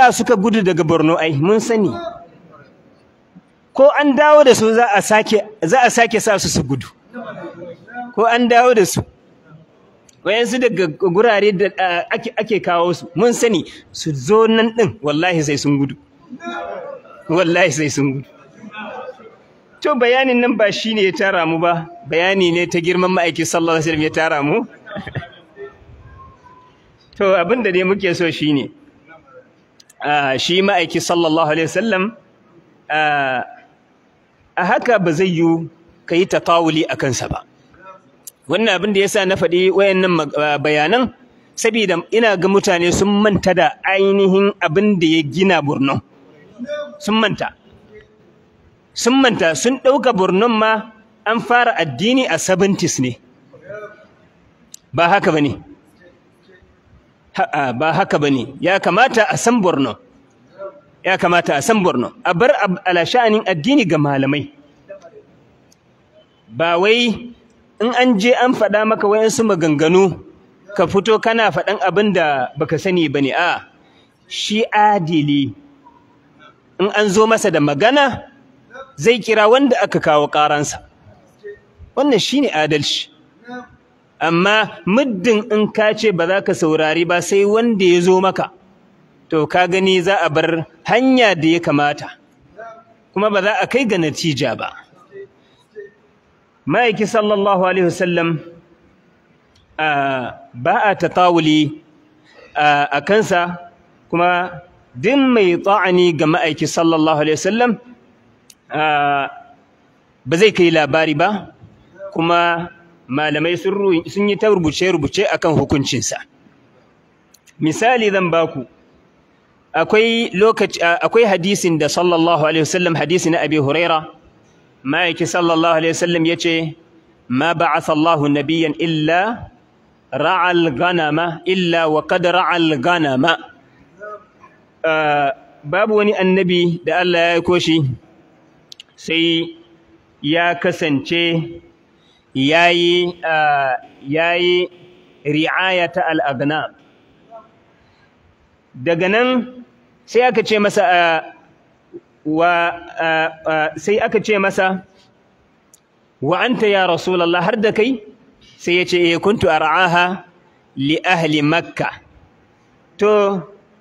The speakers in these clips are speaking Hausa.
yasa suka gudu daga Borno ai mun sani ko an dawo da su za a sake za a sake sa su su gudu ko an dawo da su wayansu daga gurare da ake ake kawo su mun sani su zo nan din wallahi sai sun gudu wallahi sai sun gudu to bayanin nan ba shine ya tara mu ba bayani ne ta girman ma'aiki sallallahu alaihi wasallam ya tara mu to abin da ne muke so shine Ah, shi ma'aiki sallallahu alaihi wasallam ah, a haka ba zai yi ka yi a kansa ba wannan abin da ya sa na faɗi wayannan ah, bayanan saboda ina ga mutane sun manta da ainihin abin da ya gina burnon sun manta sun manta sun ɗauka burnon ma an fara addini a 70s ne ba haka ba ne ba haka bane ya kamata a san Borno ya kamata a san Borno a bar ala sha'anin addini ga malamai ba wai in an je an faɗa maka wayansu maganganu ka fito kana faɗan abin da baka sani bane a shi adili in an zo masa da magana zai kira wanda aka kawo ƙaransa wannan shine adalci amma muddin in ka ce ba za ka saurari ba sai wanda ya zo maka to ka gani za a bar hanya da ya kamata kuma ba za a kai ga natija ba ma'aiki sallallahu alaihi wasallam ba a tatawuli a kansa kuma din mai ta'ani ga ma'aiki sallallahu alaihi wasallam ba zai kai labari ba kuma malamai sun yi ta rubuce-rubuce a kan hukuncinsa misali zan baku akwai hadisin da sallallahu alaihi wasallam hadisi na abi huraira ma'aiki sallallahu alaihi wasallam ce ma ba'atha Allahu nabiyyan illa ra'al ganama illa wa qad ra'al ganama babu wani annabi da Allah ya yi koshi sai ya kasance yayi ah, yayi ri'ayata al-aghnam daga nan sai aka ce masa ah, wa ah, sai aka ce masa wa anta ya rasulullah har da kai sai ya ce eh kuntu ar'aha li ahli makka to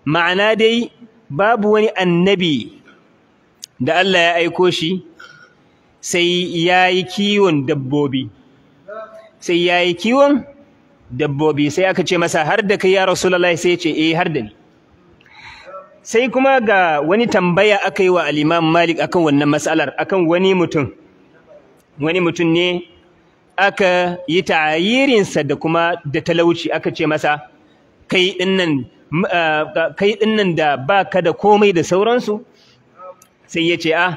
ma'ana dai babu wani annabi da Allah ya aiko shi sai ya yi kiwon dabbobi sai ya yi kiwon dabbobi sai aka ce masa har da kai ya rasulullahi sai ya ce eh har da ni sai kuma ga wani tambaya aka yi wa al'imam Malik akan wannan matsalar, akan wani mutum wani mutum ne aka yi tayirinsa da kuma da talauci aka ce masa kai dinnan kai dinnan da baka da komai da sauransu sai ya ce ah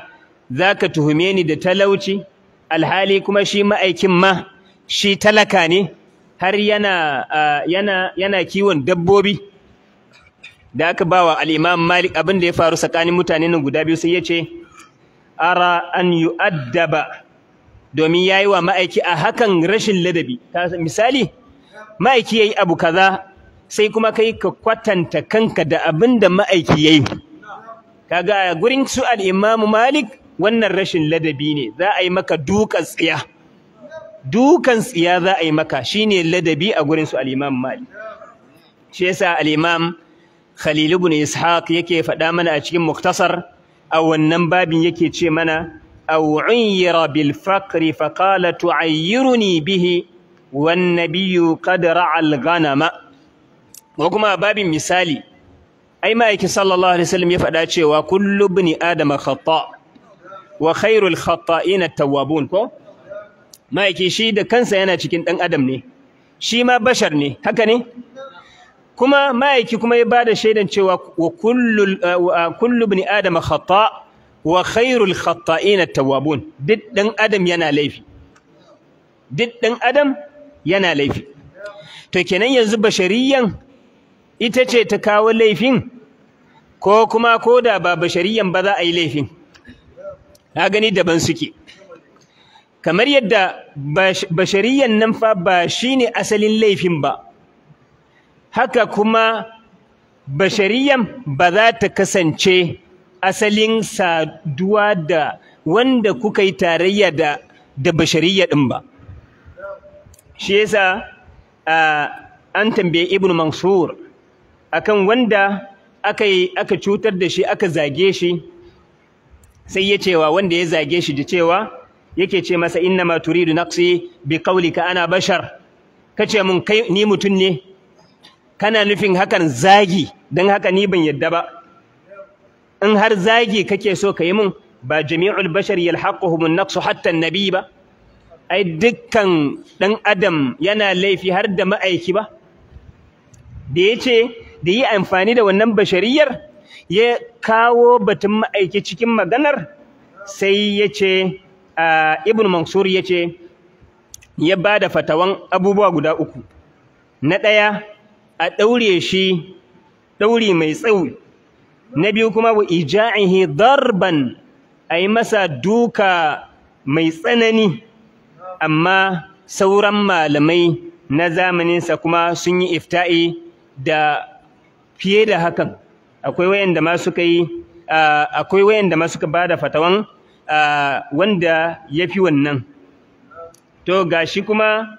za ka tuhume ni da talauci alhali kuma shi ma'aikin ma shi talaka ne har yana yana yana kiwon dabbobi da aka ba wa al’imam Malik abin da ya faru tsakanin mutane nan guda biyu sai ya ce ara an yi addaba. domin ya yi wa ma'aiki a hakan rashin ladabi misali ma'aiki ya yi abu kaza sai kuma kai ka kwatanta kanka da abin da ma'aiki ya yi. kaga gurin su al’imam Malik wannan rashin ladabi ne za a yi maka dukan tsiya dukan tsiya za a yi maka shine ladabi a gurin su al-Imam Malik shi yasa al-Imam Khalil ibn Ishaq yake faɗa mana a cikin muktasar a wannan babin yake ce mana aw uyyira bil faqri fa qala tu'ayyiruni bihi wan nabiyyu qad ra'a al-ghanama ko kuma babin misali ai ma'aikin sallallahu alaihi wasallam ya faɗa cewa kullu ibn adama khata wa khairul khata'ina at-tawwabun ko ma'aiki shi da kansa yana cikin ɗan adam ne shi ma bashar ne haka ne kuma ma'aiki kuma ya bada shaidan cewa wa uh, uh, kullu ibn adam khata wa khairul khata'ina tawwabun duk ɗan adam yana laifi duk ɗan adam yana laifi to kenan yanzu bashariyan ita ce ta kawo laifin ko kuma da ba bashariyan ba za a yi laifin na gani daban suke kamar yadda bashariyan nan fa ba shi ne asalin laifin ba haka kuma bashariyan ba za ta kasance asalin saduwa da wanda kuka yi tarayya da da bashariya ɗin ba shi yasa an tambaye Ibn mansur akan wanda aka aka cutar da shi aka zage shi sai ya cewa wanda ya zage shi da cewa yake ce masa ma turidu naqsi bi qawlika ana bashar kace mun kai ni mutun ne kana nufin hakan zagi dan haka ni ban yadda ba in har zagi kake so kai mun ba jami'ul bashar yalhaquhum an-naqsu hatta an-nabi ba ai dukkan dan adam yana laifi har da ma'aiki ba da yace da yi amfani da wannan bashariyar ya kawo batun ma'aiki cikin maganar sai yace ibn mansur ya ce ya ba da fatawan abubuwa guda uku na ɗaya a ɗaure shi ɗauri mai tsawi na biyu kuma wa ija'ihi darban a yi masa duka mai tsanani amma sauran malamai na zamaninsa kuma sun yi ifta'i da fiye da hakan akwai wayanda ma suka yi akwai da ma suka da fatawan wanda ya fi wannan to ga shi kuma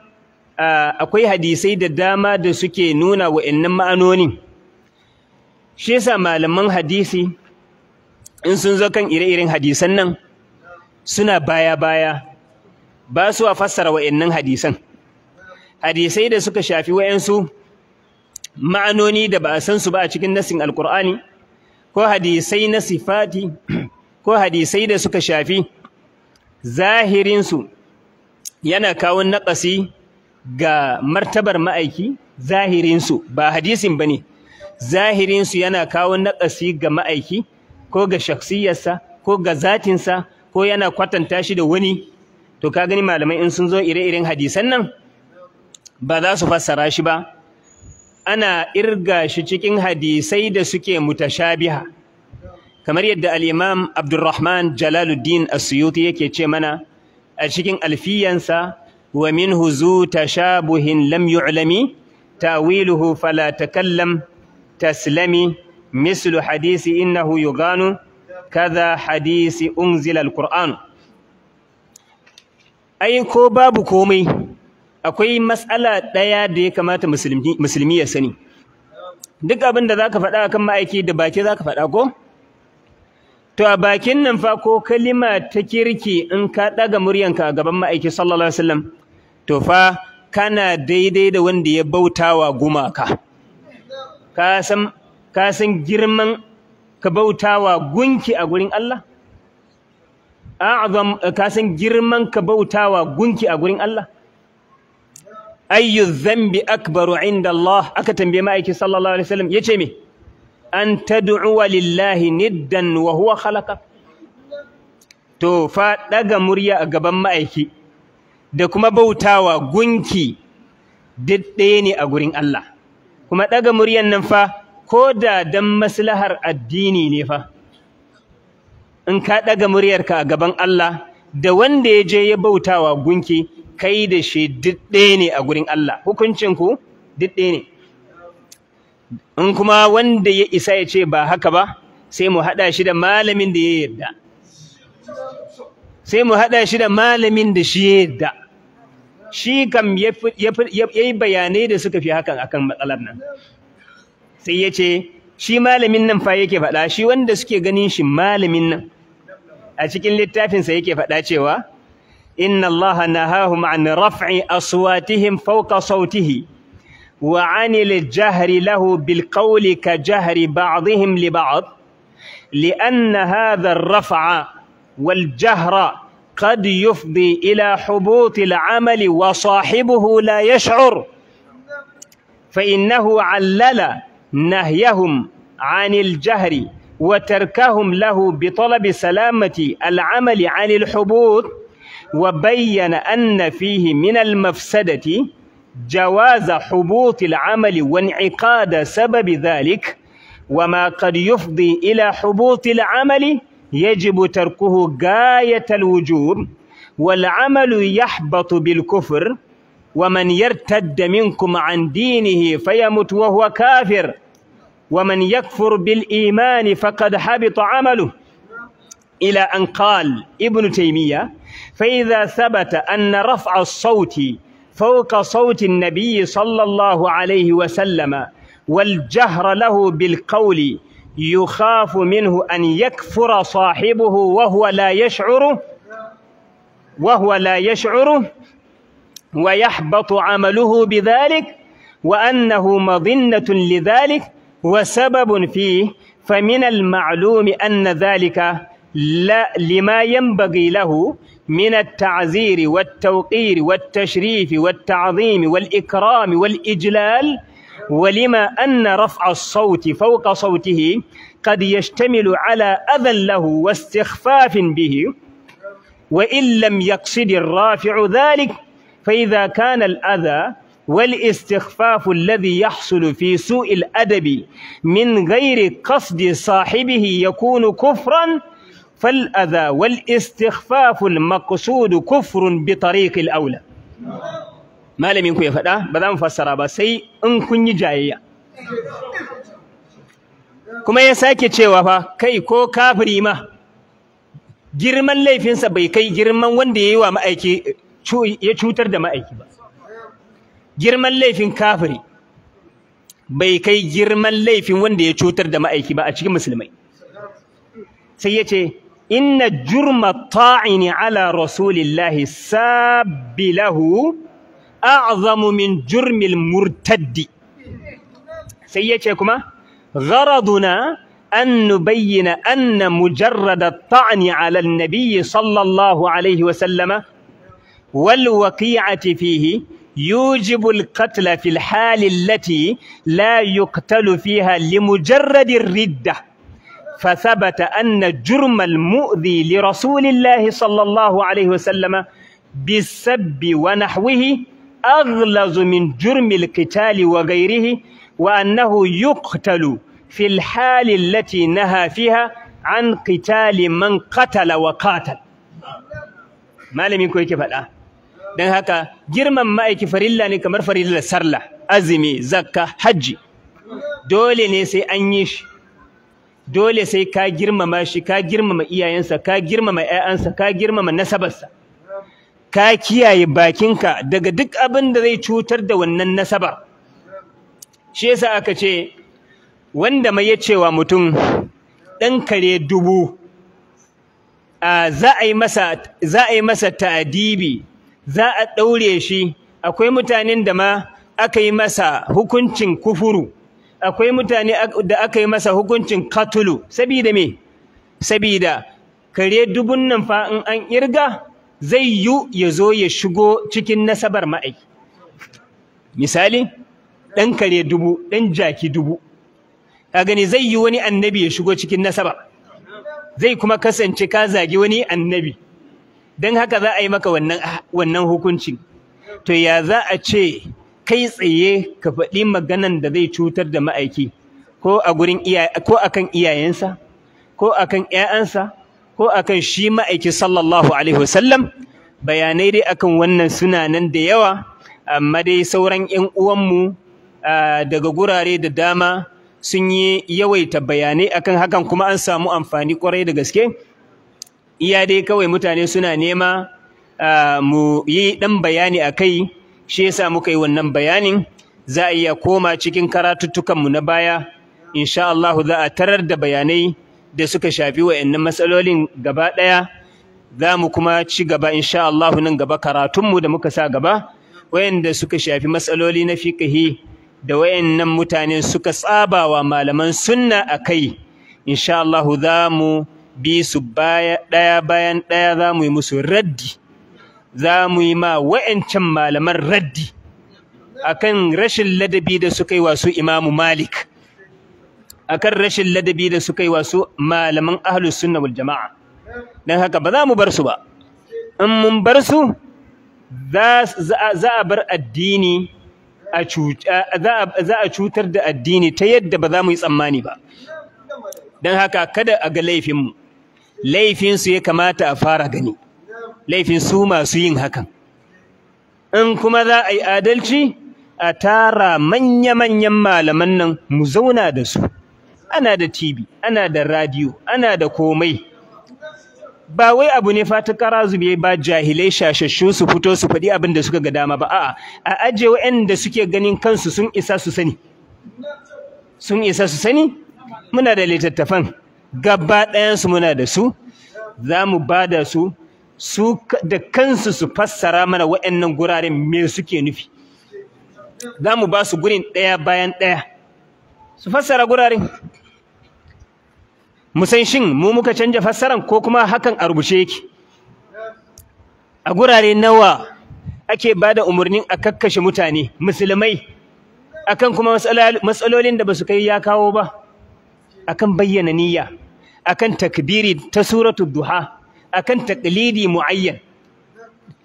akwai hadisai da dama da suke nuna wa'annan ma'anoni? shi sa malaman hadisi in sun zo kan ire-iren hadisan nan suna baya-baya ba su a fassara wa'annan hadisan hadisai da suka shafi wayansu ma'anoni da ba a san su ba a cikin nasin alkur'ani ko hadisai na sifati ko hadisai da suka shafi zahirinsu yana kawo naƙasi ga martabar ma'aiki zahirinsu ba hadisin ba ne zahirinsu yana kawo naƙasi ga ma'aiki ko ga shaksiyarsa ko ga zatinsa ko yana kwatanta shi da wani to ka gani malamai in sun zo ire-iren hadisan nan ba za su fassara shi ba ana irga shi cikin hadisai da suke mutashabiha kamar yadda Alimam Abdulrahman abdurrahman jalaluddin a suyuti yake ce mana a cikin alfiyansa wa minhu zu tashabuhin lam yu'lami tawiluhu fala takallam taslami mislu hadisi innahu yuganu kaza hadisi unzilal al-qur'an ai ko babu komai akwai matsala ɗaya da ya kamata musulmi ya sani duk abin da zaka faɗa akan ma'aiki da baki zaka faɗa ko to a bakin nan fa ko kalima ta kirki in ka ɗaga muryanka a gaban ma'aiki sallallahu alaihi wasallam to fa kana daidai da wanda ya bautawa gumaka ka san ka san girman ka bautawa gunki a gurin Allah ka san girman ka bautawa gunki a gurin Allah ayyu dhanbi akbaru inda Allah aka tambaye ma'aiki sallallahu alaihi wasallam ce me an tad'uwa lillahi niddan wa huwa khalaqak to fa daga murya a gaban ma'aiki da kuma bautawa gunki duk ne a gurin Allah kuma ɗaga muryan nan fa ko da dan maslahar addini ne fa in ka daga muryarka a gaban Allah da wanda ya je ya bautawa gunki kai da shi duk ne a gurin Allah Hukuncin ku ɗaya ne in kuma wanda ya isa ya ce ba haka ba sai mu haɗa shi da malamin da ya yarda sai mu haɗa shi da malamin da shi ya yarda shi kam ya yi bayanai da suka fi hakan akan matsalar nan sai ya ce shi malamin nan fa yake faɗa shi wanda suke ganin shi malamin nan a cikin littafinsa yake faɗa cewa inna allaha nahahu an raf'i aswatihim fawqa sautihi وعن الجهر له بالقول كجهر بعضهم لبعض لأن هذا الرفع والجهر قد يفضي إلى حبوط العمل وصاحبه لا يشعر فإنه علل نهيهم عن الجهر وتركهم له بطلب سلامة العمل عن الحبوط وبين أن فيه من المفسدة جواز حبوط العمل وانعقاد سبب ذلك وما قد يفضي إلى حبوط العمل يجب تركه غاية الوجوب والعمل يحبط بالكفر ومن يرتد منكم عن دينه فيمت وهو كافر ومن يكفر بالإيمان فقد حبط عمله إلى أن قال ابن تيمية فإذا ثبت أن رفع الصوت فوق صوت النبي صلى الله عليه وسلم والجهر له بالقول يخاف منه أن يكفر صاحبه وهو لا يشعر وهو لا يشعر ويحبط عمله بذلك وأنه مظنة لذلك وسبب فيه فمن المعلوم أن ذلك لا لما ينبغي له من التعزير والتوقير والتشريف والتعظيم والإكرام والإجلال ولما أن رفع الصوت فوق صوته قد يشتمل على أذى له واستخفاف به وإن لم يقصد الرافع ذلك فإذا كان الأذى والاستخفاف الذي يحصل في سوء الأدب من غير قصد صاحبه يكون كفراً فالأذى والاستخفاف المقصود كفر بطريق الأولى Aula. Malaminku ya faɗa ba za mu fassara ba sai in kun yi jayayya kuma ya sake cewa fa kai ko kafiri ma girman laifinsa bai kai girman wanda ya cutar da ma'aiki ba girman laifin kafiri bai kai girman laifin wanda ya cutar da ma'aiki ba a cikin musulmai sai ya ce إن جرم الطاعن على رسول الله الساب له أعظم من جرم المرتد سيئتكما غرضنا أن نبين أن مجرد الطعن على النبي صلى الله عليه وسلم والوقيعة فيه يوجب القتل في الحال التي لا يقتل فيها لمجرد الردة فثبت أن جرم المؤذي لرسول الله صلى الله عليه وسلم بالسب ونحوه أغلظ من جرم القتال وغيره وأنه يقتل في الحال التي نهى فيها عن قتال من قتل وقاتل malamin ko yake faɗa don haka girman ma'aiki farilla ne kamar farillar sarla azumi zakka hajji dole ne sai an yi shi dole sai ka girmama shi ka girmama iyayensa ka girmama ƴaƴansa ka girmama nasabarsa ka kiyaye bakinka daga duk abin da zai cutar da wannan nasabar shi yasa aka ce wanda mai yacewa cewa mutum ɗan kare dubu za a yi masa za a yi masa ta'adibi za a ɗaure shi akwai mutanen da ma aka yi masa hukuncin kufuru akwai mutane da aka yi masa hukuncin katulu sabida me saboda kare dubun nan fa in an irga zai yu ya ya shigo cikin nasabar ma'ai misali ɗan kare dubu ɗan jaki dubu ka gani zai yi wani annabi ya shigo cikin nasaba zai kuma kasance ka zagi wani annabi dan haka za a yi maka wannan hukuncin to ya za a ce kai tsaye ka faɗi maganan da zai cutar da ma'aiki ko a gurin ko akan iyayensa ko akan ƴaƴansa ko akan shi ma'aiki sallallahu alaihi wasallam bayanai dai akan wannan suna nan da yawa amma dai sauran ƴan uwanmu daga gurare da dama sun yi yawaita bayanai akan hakan kuma an samu amfani kwarai da gaske iya dai kawai mutane suna nema mu yi ɗan bayani a kai shi yasa muka yi wannan bayanin za a iya koma cikin karatuttukanmu na baya insha Allah za a tarar da bayanai da suka shafi wa'annan matsalolin gaba ɗaya za mu kuma ci gaba insha Allah nan gaba karatunmu da muka sa gaba wayanda suka shafi matsaloli na fiqhi da wayannan mutane suka tsaba wa malaman sunna akai insha Allah za mu bi su baya ɗaya bayan ɗaya za mu yi musu raddi za mu yi ma wa'ancan malaman raddi akan rashin ladabi da suka yi wa imamu malik akan rashin ladabi da suka yi wa su malaman ahlus sunna wal jama'a don haka ba za mu bar su ba in mun bar su za a bar addini za a cutar da addini ta yadda ba za mu yi tsammani ba don haka kada a ga laifinmu laifinsu ya kamata a fara gani laifin su masu yin hakan in kuma za a yi adalci a tara manya-manyan malaman nan mu zauna da su ana da TV ana da radio ana da komai ba wai abu ne fata kara zube ba jahilai shashashu su fito su faɗi abin da suka ga dama ba a'a a aje waɗanda suke ganin kansu sun isa su sani sun isa su sani muna da littattafan gaba ɗayansu muna da su za mu ba da su su da kansu su fassara mana waɗannan gurare me suke nufi za mu ba su gurin ɗaya bayan ɗaya su fassara guraren musan shin mu muka canja fassaran ko kuma hakan a rubuce yake a gurare nawa ake ba da umarnin a kakkashe mutane musulmai akan kuma matsalolin da ba su kai ya kawo ba akan bayyana niyya akan takbiri ta suratul duha akan taqlidi muayyan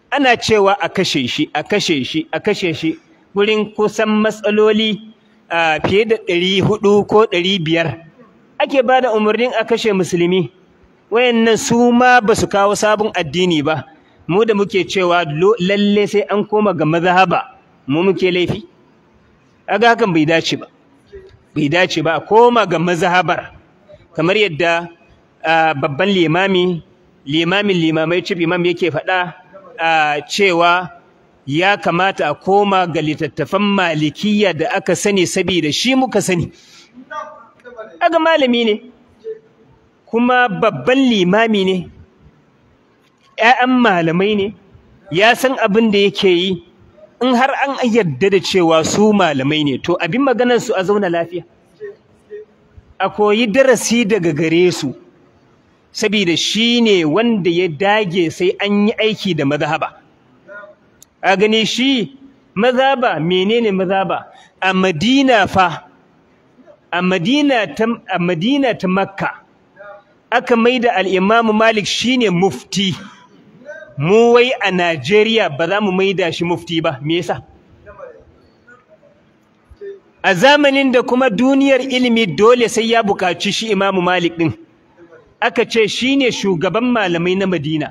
ana cewa a kashe shi a kashe shi a kashe shi wurin kusan matsaloli fiye da 400 ko 500 ake ba da umarnin a kashe musulmi wayannan su ma ba su kawo sabon addini ba mu da muke cewa lalle sai an koma ga mazhaba mu muke laifi kaga hakan bai dace ba bai dace ba koma ga mazhabar kamar yadda babban limami limamin limamai cif imam yake faɗa cewa ya kamata a koma ga littattafan malikiya da aka sani saboda shi muka sani aga malami ne kuma babban limami ne ƴaƴan malamai ne ya san abin da yake yi in har an yarda da cewa su malamai ne to abin maganar a zauna lafiya a koyi darasi daga gare su saboda shi ne wanda ya dage sai an yi aiki da mazhaba a gani shi mazhaba menene mazhaba a madina fa a madina ta a madina ta makka aka maida al-imamu malik shine mufti mu wai a Najeriya ba za mu maida shi mufti ba me yasa a zamanin da kuma duniyar ilimi dole sai ya buƙaci shi Imamu Malik ɗin. aka ce shine shugaban malamai na Madina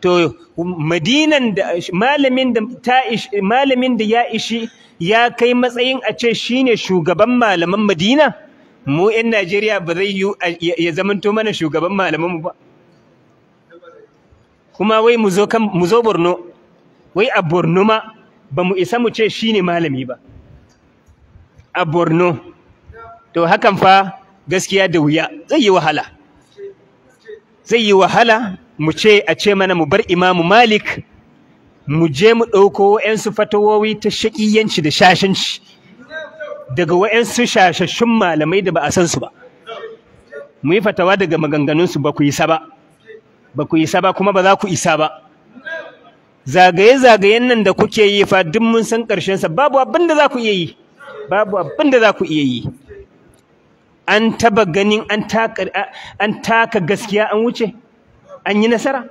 to Madinan da malamin da ta malamin da ya ishi ya kai matsayin a ce ne shugaban malaman Madina mu 'yan Najeriya ba zai ya zamanto mana shugaban malaman mu ba kuma wai mu zo kan mu zo Borno wai a Borno ma ba mu isa mu ce ne malami ba a Borno to hakan fa gaskiya da wuya zai yi wahala zai yi wahala mu ce a ce mana mu bar imamu malik mu je mu ɗauko wa'yansu fatawowi ta shaƙiyanci da shashanci daga wa'yansu shashashun malamai da ba a san su ba mu yi fatawa daga maganganunsu ba ku isa ba ba ku yi saba kuma ba za ku isa ba zagaye-zagayen nan da kuke yi fa duk mun san ƙarshensa babu abin da za ku iya yi babu abin da za ku iya yi an taba ganin an taka gaskiya an wuce an yi nasara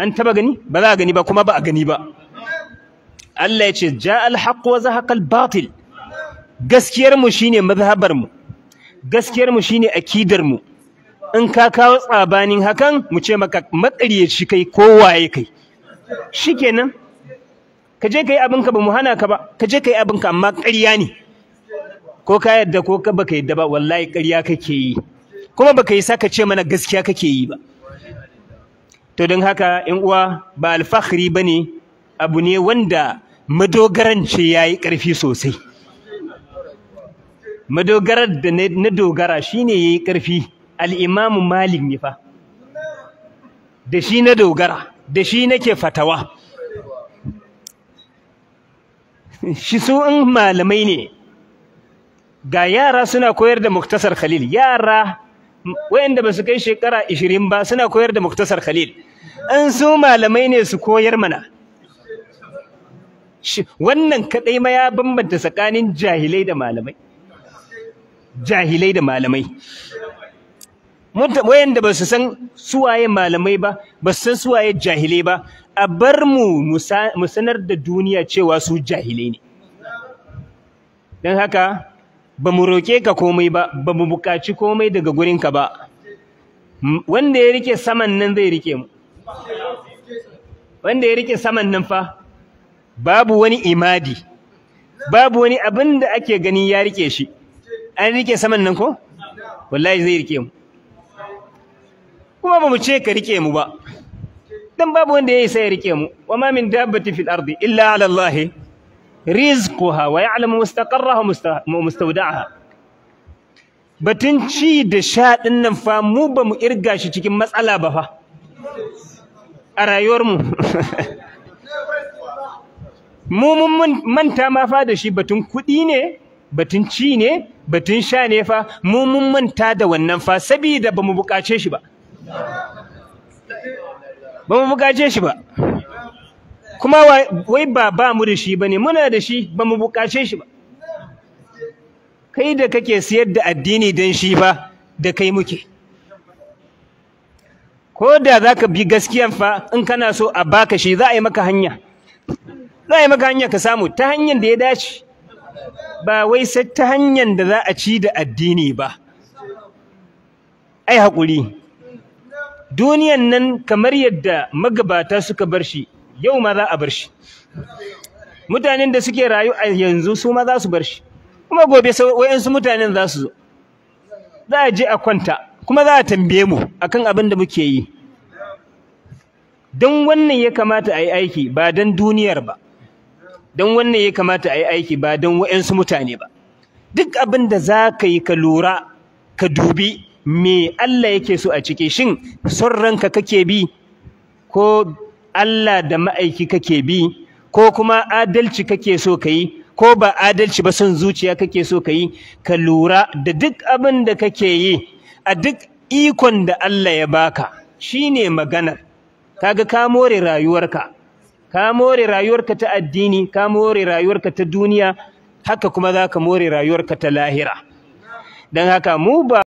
an taba gani ba za a gani ba kuma ba a gani ba Allah ya ce ja alhaq wa zahaqal batil gaskiyar mu shine mazhabar mu gaskiyar mu shine akidar mu in ka kawo tsabanin hakan mu ce maka shi kai ko waye kai shikenan ka je kai abinka ba mu hana ka ba ka je kai abinka amma ƙarya ne ko ka yadda ko ka baka yadda ba wallahi ƙarya kake yi kuma baka yi saka ce mana gaskiya kake yi ba to don haka in uwa ba alfahari ba ne abu ne wanda madogaran ce yayi ƙarfi sosai madogarar da na dogara shine yayi ƙarfi al-Imam Malik ne fa da shi na dogara da shi nake fatawa shi su malamai ne ga yara suna koyar da muktasar khalil yara wayanda ba su kai shekara 20 ba suna koyar da muktasar khalil an su malamai ne su koyar mana wannan kadai ma ya bambanta tsakanin jahilai da malamai jahilai da malamai wayanda ba su san suwaye malamai ba ba su san suwaye jahilai ba a bar mu mu sanar da duniya cewa su jahilai ne don haka ba mu roƙe ka komai ba ba mu buƙaci komai daga gurinka ba wanda ya rike saman nan zai rike mu wanda ya rike saman nan fa babu wani imadi babu wani abin da ake gani ya rike shi an rike saman nan ko wallahi zai rike mu kuma ba mu ce ka rike mu ba dan babu wanda ya isa ya rike mu wa ma min dabbati fil ardi illa ala allahi rizquha wa ya'lamu mustaqarraha wa mustawda'aha batun ci da sha din nan fa mu ba mu irga shi cikin matsala ba fa a rayuwar mu mu mun manta ma fa da shi batun kuɗi ne batun ci ne batun sha ne fa mu mun manta da wannan fa saboda ba mu shi ba ba mu buƙace shi ba kuma wai ba ba mu da shi bane muna da shi ba mu bukace shi ba kai da kake siyar da addini dan shi ba da kai muke ko da za ka bi gaskiyan fa in kana so a baka shi za a yi maka hanya za a yi maka hanya ka samu ta hanyar da ya dace ba wai sai ta hanyar da za a ci da addini ba ai hakuri duniyan nan kamar yadda magabata suka bar shi yau ma za a bar shi mutanen da suke rayu a yanzu su ma za su bar shi kuma gobe wayansu mutanen za su zo za a je a kwanta kuma za a tambaye mu akan abin da muke yi don wannan ya kamata a yi aiki ba don duniyar ba don wannan ya kamata a yi aiki ba don wayansu mutane ba duk abin da za ka yi ka lura ka dubi me Allah yake so a cike shin son ranka kake bi ko Allah da ma'aiki kake bi ko kuma adalci kake so ka yi ko ba adalci ba son zuciya kake so ka yi ka lura da duk abin da kake yi a duk ikon da Allah ya baka shine maganar kaga ka more rayuwarka ka more rayuwarka ta addini ka more rayuwarka ta duniya haka kuma zaka more rayuwarka ta lahira dan haka mu ba